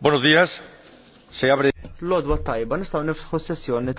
Buenos días. Se abre. Lodwa tajba, nistaw niftħu sessjoni